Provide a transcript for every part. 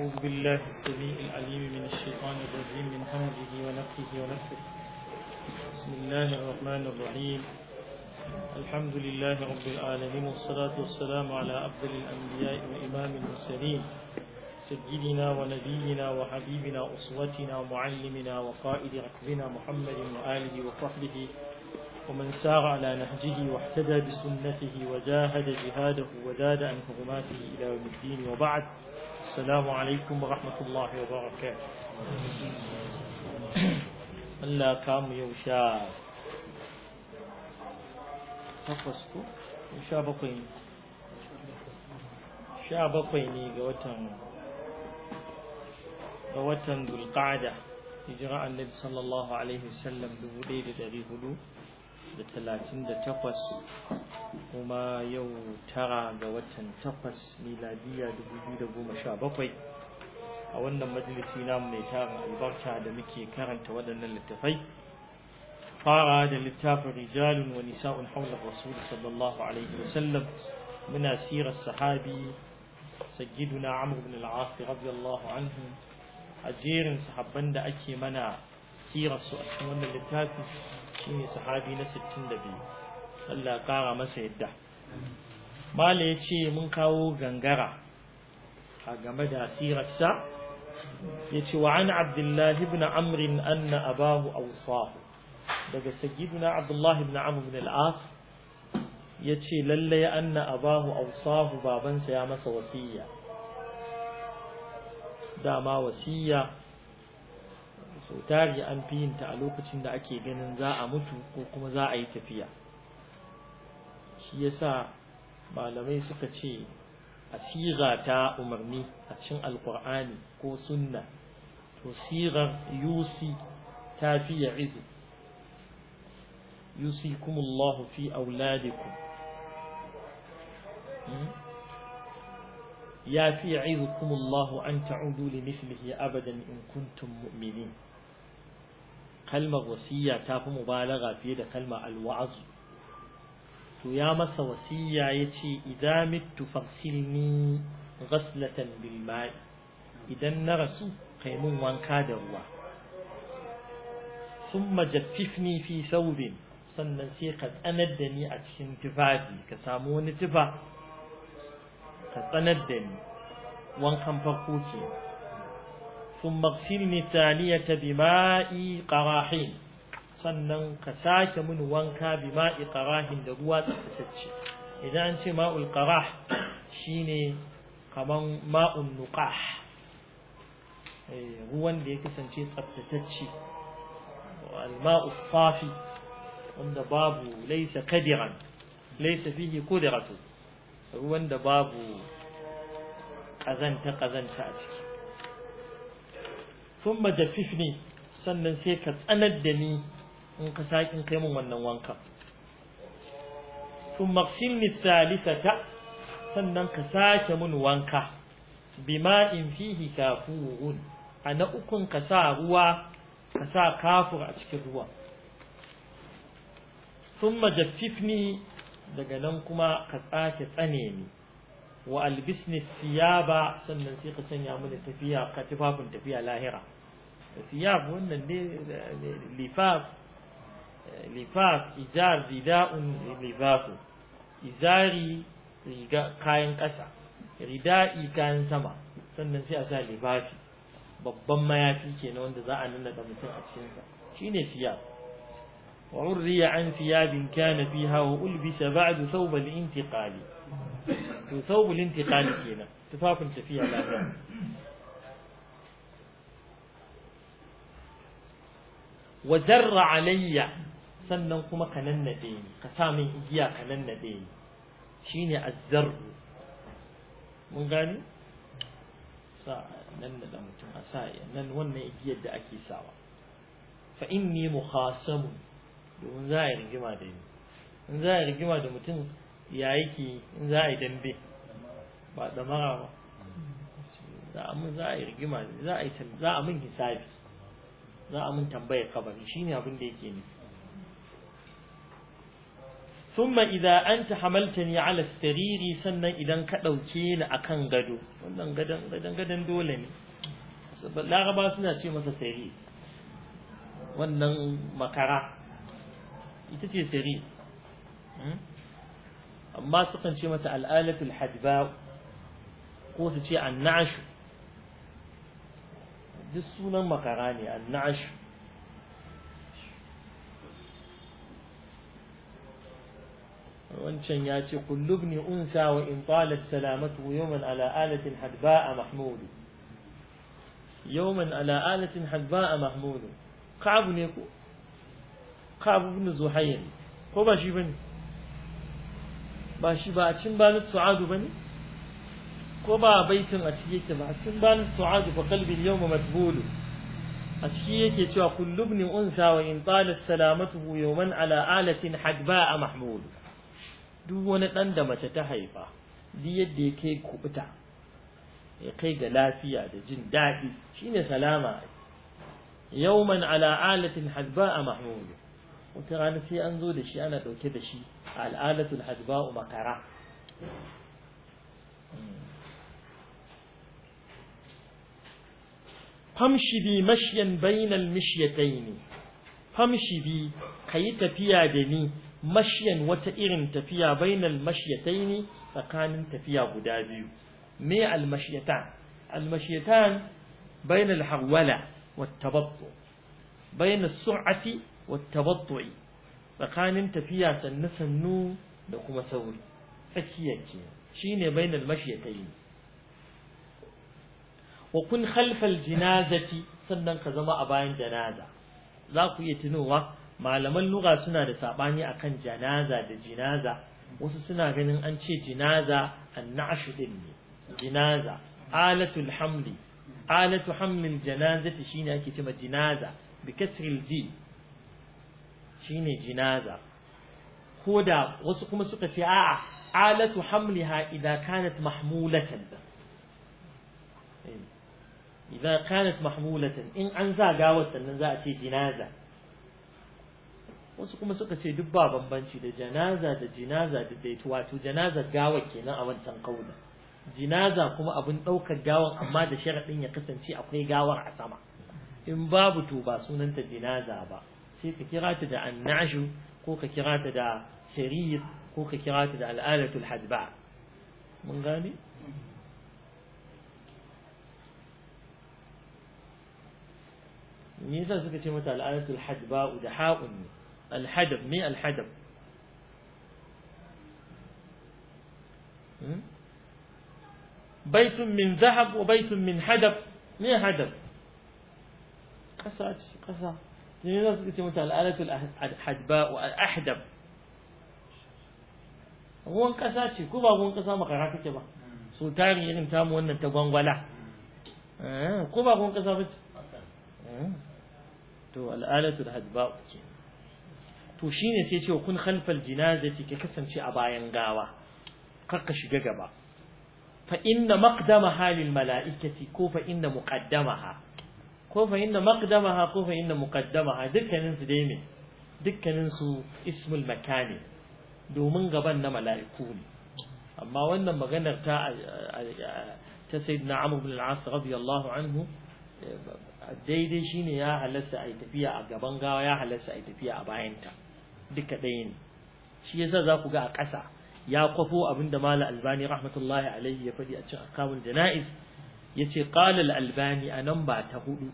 أعوذ بالله السميع العليم من الشيطان الرجيم من همزه ونفخه ونفخه بسم الله الرحمن الرحيم الحمد لله رب العالمين والصلاة والسلام على أفضل الأنبياء وإمام المرسلين سيدنا ونبينا وحبيبنا أسوتنا ومعلمنا وقائد ركبنا محمد وآله وصحبه ومن سار على نهجه واحتدى بسنته وجاهد جهاده وزاد عن حرماته إلى يوم الدين وبعد السلام عليكم ورحمة الله وبركاته من كام يوشا تفسكو يوشا بقيني يوشا بقيني قوتن قوتن ذو القعدة يجرى النبي صلى الله عليه وسلم ذو ليلة ذي هدو بثلاثين ده تفسكو kuma yau tara ga watan takwas miladiya bakwai. a wannan majalisi namu mai tarin albarka da muke karanta waɗannan littafai fara da littafin rijalun wa nisa'un haula rasul sallallahu alaihi muna sirar sahabi sayyiduna amr ibn al-as radiyallahu anhu a jerin sahabban da ake mana sirar su a cikin wannan littafi shine sahabi na biyu. Allah kara masa yadda mala ya ce mun kawo gangara a game da sirarsa ya ce wa an abdullahi ibn amrin anna abahu awsahu daga sayyidina abdullahi ibn amr ibn al-as ya ce lallai anna abahu awsahu babansa ya masa wasiya dama wasiya sau tari an fi yinta a lokacin da ake ganin za a mutu ko kuma za a yi tafiya shi yasa malamai suka ce a siga ta umarni a cikin alkur'ani ko sunna to sigar yusi ta fi ya izu yusikumullahu fi auladikum hmm? ya fi ya'izukumullahu an ta'udu li mithlihi abadan in kuntum mu'minin kalmar wasiya ta fi mubalaga fiye da kalmar alwa'azu to ya masa wasiya ya ce idza mittu farsilni ghaslatan bil ma'i idan na rasu kai mun wanka da ruwa thumma jaffifni fi thawbin sannan sai ka tsanar da ni a cikin tufafi ka samu wani tufa ka tsanar da ni wankan farko ke thumma ghsilni thaniyata bima'i qarahin sannan ka sake mun wanka bi ma'i qarahin da ruwa tsaftatacce idan an ce ma'ul qarah shine kaman ma'un nuqah eh, ruwan da ya kasance tsaftatacce al-ma'u safi wanda babu laysa kadiran laysa fihi qudratu ruwan da babu kazanta kazanta a ciki thumma jaffifni sannan sai ka tsanar da ni in ka saki kai mun wannan wanka tun maksilni salisata sannan ka sake mun wanka bima in fihi kafurun a na ukun ka sa ruwa ka sa kafur a cikin ruwa sun ni daga nan kuma ka tsake tsane ni wa albisni siyaba sannan sai ka sanya mini tafiya ka tufafin tafiya lahira tafiya wannan ne lifaf lifaf izar rida'un lifafu izari riga kayan ƙasa rida'i kayan sama sannan sai a sa lifafi babban mayafi kenan wanda za a nuna da mutum a cikinsa shine fiya wa urriya an thiyabin kana fiha wa ulbisa ba'du thawb al-intiqali to thawb al-intiqali kenan tufafin tafiya lafiya wa jarra alayya sannan kuma ka nannade ni ka sa min igiya ka nannade ni shine azzar mun gani sa nannada mutum a sa nan wannan igiyar da ake sawa fa inni mukhasamun domin za a yi rigima da ni in za a yi rigima da mutum ya yake in za a yi dambe ba da mara ba za a mun za a yi rigima za a yi za a mun hisabi za a mun tambaya kabari shine abin da yake nufi thumma idza anta hamaltani ala sariri sannan idan ka dauke ni akan gado wannan dole ne laraba suna ce masa hmm? sukan ce mata al'alatul hadba ko duk sunan makara ne wancan ya ce kullu ibn unsa wa in talat salamatu yawman ala alatin hadba'a mahmud yawman ala alatin hadba'a mahmud ka'ab ne ko ka'ab ibn zuhayr ko ba shi bane ba shi ba a cin bani su'adu bane ko ba baitin a cikin yake ba a cin bani su'adu fa qalbi al-yawma matbulu a cikin yake cewa kullubni unsa wa in talat salamatuhu yawman ala alatin hadba'a Mahmudu. duk wani ɗan da mace ta haifa duk yadda ya kai kubuta ya kai ga lafiya da jin daɗi shine salama yawman ala alatin hadba a mahmud wata rana sai an zo da shi ana ɗauke da shi a al'adatul hadba makara famshi bi mashyan bainal ne. famshi bi kayi tafiya da ni mashiyan wata irin tafiya bainal mashyataini tsakanin tafiya guda biyu me al mashyatan al mashyatan bainal hawala wat tabattu su'ati wat tsakanin tafiya sannu sannu da kuma sauri tsakiya ce shine bainal mashyataini wa kun khalfal jinazati sannan ka zama a bayan janaza za ku iya tunowa malaman lugha suna da sabani akan janaza da jinaza wasu suna ganin an ce jinaza annash din ne jinaza alatul hamli alatu hamlil janazati shine ake cewa jinaza bi kasril ji shine jinaza ko da wasu kuma suka ce a'a alatu hamliha idan kanat mahmulatan eh, idan kanat mahmulatan in an za gawar sannan za a ce jinaza wasu kuma suka ce duk ba bambanci da janaza da jinaza da daitu wato janaza gawa kenan a wancan kaulin jinaza kuma abin ɗaukar gawan amma da sharaɗin ya kasance akwai gawar a sama in babu to ba sunanta jinaza ba sai ka kira ta da annashu ko ka kira ta da sharir ko ka kira ta da al'adatul hadba mun gane me yasa suka ce mata al'adatul hadba da ha'un ne الحدب مي الحدب بيت من ذهب وبيت من حدب مي حدب قصة قصة لماذا تسمونها الآلة الحدباء والأحدب وان قصاتي كوبا وان قصا ما قراتي كبا سلطان يعني تام وان تبان ولا كوبا وان قصا بس تو الآلة الحدباء وكين to shi ne sai ce kun khalfal jinazati ka kasance a bayan gawa kar ka shiga gaba fa inna maqdama halil mala'ikati ko fa inna muqaddamaha ko fa inna maqdamaha ko fa inna muqaddamaha dukkanin su dai me dukkanin su ismul makani domin gaban na mala'iku ne amma wannan maganar ta ta sayyidina amr ibn al-as radiyallahu anhu eh, daidai shine ya halasta a tafiya a gaban gawa ya halasta a tafiya a bayanta duka ɗaya shi yasa za ku ga a ƙasa ya kwafo abin da mala albani rahmatullahi alaihi ya faɗi a cikin da na'is. ya ce ƙalal albani a nan ba ta hudu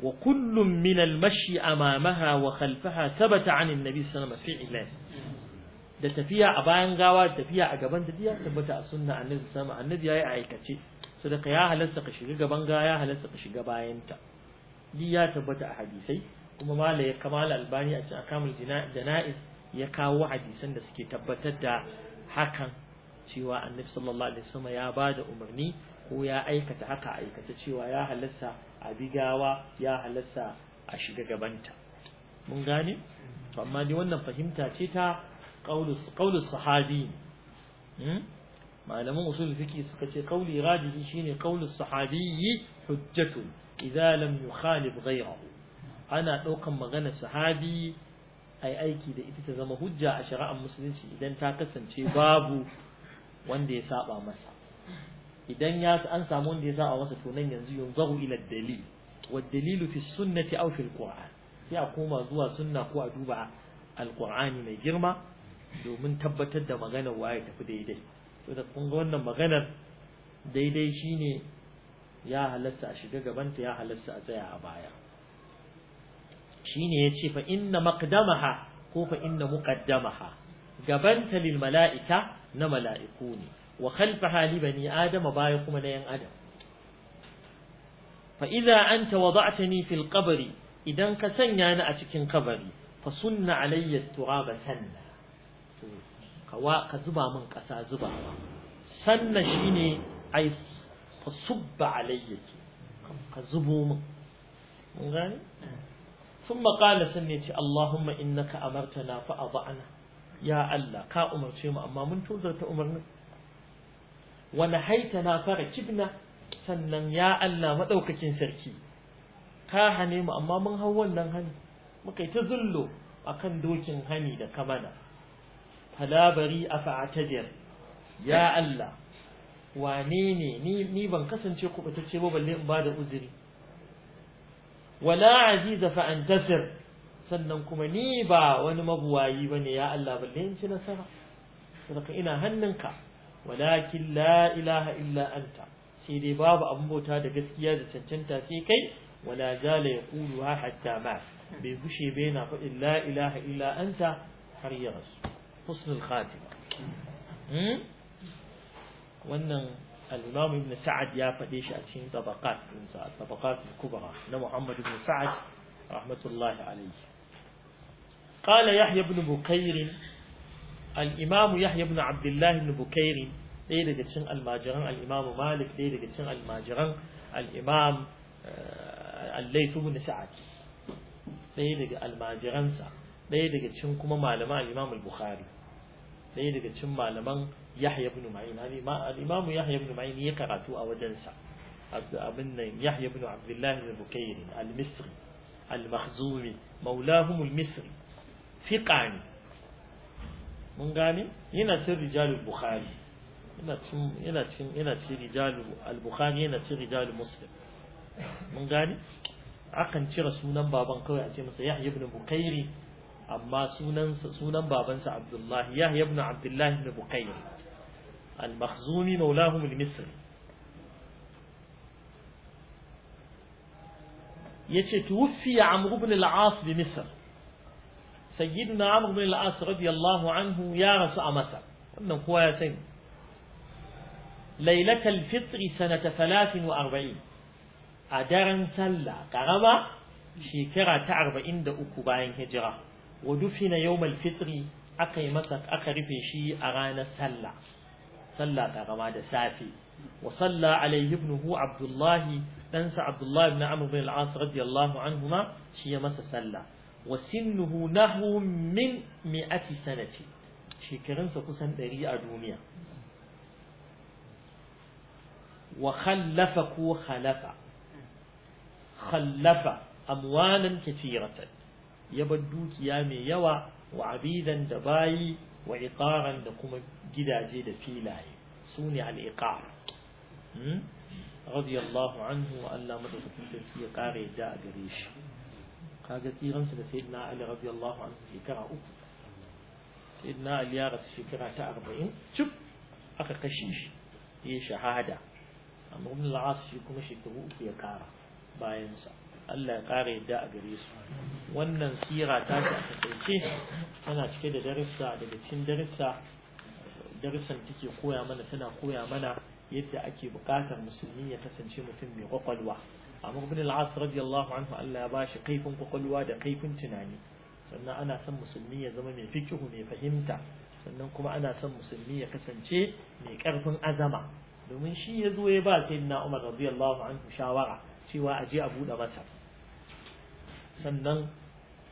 wa kullum min almashi amamaha wa khalfaha sabata an annabi sallallahu alaihi wasallam da tafiya a bayan gawa da tafiya a gaban ta diya tabbata a sunna annabi sama annabi yayi aikace sadaka ya halasta ka shiga gaban gawa ya halasta ka shiga bayan ta ya tabbata a hadisai kuma mala ya kamala albani a cikin akamul jana'iz ya kawo hadisan da suke tabbatar da hakan cewa annabi sallallahu alaihi wasallam ya ba da umarni ko ya aikata haka aikata cewa ya halasta a bigawa ya halasta a shiga gabanta mun gane to amma dai wannan fahimta ce ta qaulus sahabi hmm? malaman usul fiqi suka ce qauli rajihi shine qaulus sahabi hujjatun idza lam yukhalif ghayrahu ana ɗaukan magana sahabi ai aiki da ita ta zama hujja a shari'ar musulunci idan ta kasance babu wanda ya saba masa idan ya an samu wanda ya saba masa to nan yanzu yunzaru ila dalil wa dalilu fi sunnati aw fi alquran sai a koma zuwa sunna ko a duba alqurani mai girma domin tabbatar da maganar waye tafi daidai so da kun ga wannan maganar daidai shine ya halasta a shiga gabanta ya halasta a tsaya a baya shine yace fa inna maqdamaha ko fa inna muqaddamaha gabanta lil mala'ika na mala'iku ne wa khalfaha li bani adama baya kuma na yan adam fa idza anta wada'tani fil qabri idan ka sanya ni a cikin kabari fa sunna alayya turaba sanna kawa ka zuba min kasa zubawa sanna shine ai fa subba alayya ka zubo min mun sun maƙala sun ne ce Allahumma amarta na fa ya Allah ka umarce mu amma mun tozarta umarnin wani haita na fara kibna sannan ya Allah maɗaukakin sarki ka hane mu amma mun hau wannan hani muka yi ta zullo akan dokin hani da kamana falabari a fa'atajiyar ya Allah wane ne ni ban kasance kuɓutacce ba balle in ba da uzuri wala aziza fa antasir sannan kuma ni ba wani mabuwayi bane ya Allah balle in ci nasara sadaka ina hannunka walakin la ilaha illa anta sai dai babu abin bauta da gaskiya da cancanta sai kai wala zala yaquluha hatta ma bai bushe ba yana faɗin la ilaha illa anta har ya rasu husnul khatima hmm? wannan al ibn sa'ad ya faɗe shi a cikin tabaqat dinsa tabaqat al-kubra na muhammad ibn sa'ad rahmatullahi alayhi qala yahya ibn bukair al-imam yahya ibn abdullah ɗaya daga cikin almajiran al malik ɗaya daga cikin almajiran al-imam eh, ibn sa'ad ɗaya daga almajiransa ɗaya daga kuma malaman bukhari ɗaya daga cikin malaman Yahya ibn Ma'in al-Imam Yahya ibn Ma'in ya karatu a wajensa abin nan Yahya ibn Abdullah ibn Bukayr al-Misri al-Makhzumi maulahum al-Misri fiqani mun gane yana cin rijalul Bukhari yana cin yana cin yana cin rijalul al-Bukhari yana cin rijalul Muslim mun gane akan cire sunan baban kawai a ce masa Yahya ibn Bukayri amma sunan babansa abdullahi yahya ibn abdullahi ibn buqayr al-makhzumi maulahum al-misri yace tuwfiya amr ibn al-as bi sayyidina amr ibn al-as radiyallahu anhu ya rasu a masar wannan kowa ya sani lailatul fitri sanata 43 a daren sallah karama shekara ta arba'in da uku bayan hijira wa dufina yawmal fitri aka yi masa aka rufe shi a ranar sallah sallah da safi wa salla alaihi ibnuhu abdullahi ɗansa abdullahi ibn amr bin al-as radiyallahu shi ya masa salla wa sinnuhu nahu min mi'ati sanati shekarunsa kusan ɗari a duniya wa khallafa ko khalafa khallafa amwalan kathiratan ya bar dukiya mai yawa wa abidan da bayi wa iqaran da kuma gidaje da filaye sune al-iqar hmm? radiyallahu anhu wa Allah madaukakin sarki ya ƙara yadda a gare shi kaga tsiransa da na Ali radiyallahu anhu shekara uku na Ali ya rasu shekara ta arba'in cif aka kashe shi ya shahada amma wani al shi kuma shekaru uku ya ƙara bayansa Allah ya ƙara yadda a gare su wannan sira ta ta takaice tana cike da darussa daga cikin darussa darussan take koya mana tana koya mana yadda ake buƙatar musulmi ya kasance mutum mai kwakwalwa amma ibn al-as radiyallahu anhu Allah ya bashi kaifin kwakwalwa da kaifin tunani sannan ana son musulmi ya zama mai fikihu mai fahimta sannan kuma ana son musulmi ya kasance mai karfin azama domin shi ya zo ya ba sayyidina Umar radiyallahu anhu shawara cewa a je a buɗe masa sannan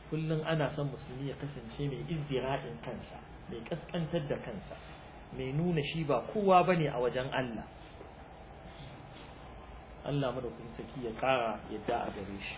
kullum ana son musulmi ya kasance mai izdira'in kansa mai kaskantar da kansa mai nuna shi ba kowa bane a wajen Allah Allah kun saki ya kara yadda a gare shi